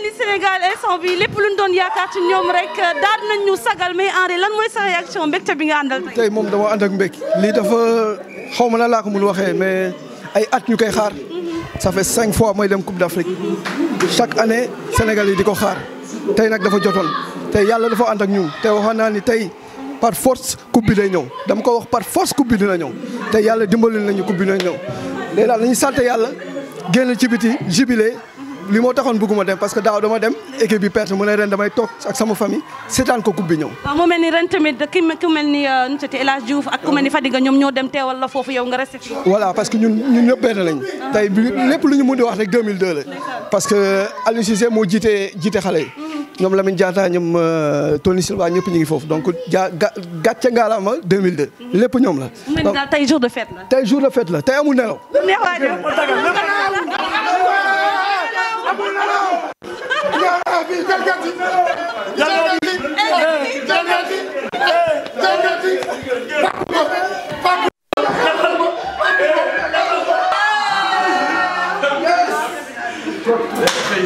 mel ni Sénégal instant bi lépp doon yaakaar ci ñoom rek euh, daal nañ sagal mais Henri lan mooy sa réaction mbégte bi nga àndal tey. moom dama ànd ak mbég lii dafa xaw ma na laa ko mun waxee mais ay at ñu koy xaar. Mhm. ça cinq fois mooy dem Coupe d'Afrique chaque année Sénégal yi di ko xaar tey nag dafa jotoon tey yàlla dafa ànd ak ñun tey waxoon naa ni tey. par force coupe bi ñëw dama ko wax par force coupe bi dina ñëw te yàlla dimbali nañu coupe bi dina ñëw léegi nañu sant yàlla génn ci biti jubilé li moo taxoon bëgguma dem parce que daaw dama dem équipe bi perte mu ne ren damay toog ak sama famille seetaan ko coupe bi ñëw. mu mel ni ren tamit ku mel ni euh, nu mu El ñoo dem teewal la foofu yow nga resté fi. lu ñu mën di wax que Aliou moo jiite jiite xale yi. Mm-hmm. ñoom Lamine Diatta ñoom euh, Tony Silva ñëpp ñu ngi foofu donc ja gàcce ngaalaama 2002. Mm-hmm. lépp ñoom la. mu mel ni daal tey jour de fête la. tey jour de fête la tey amul nelaw. kii jalgati jalgati jalgati jalgati bàkku ko bàkku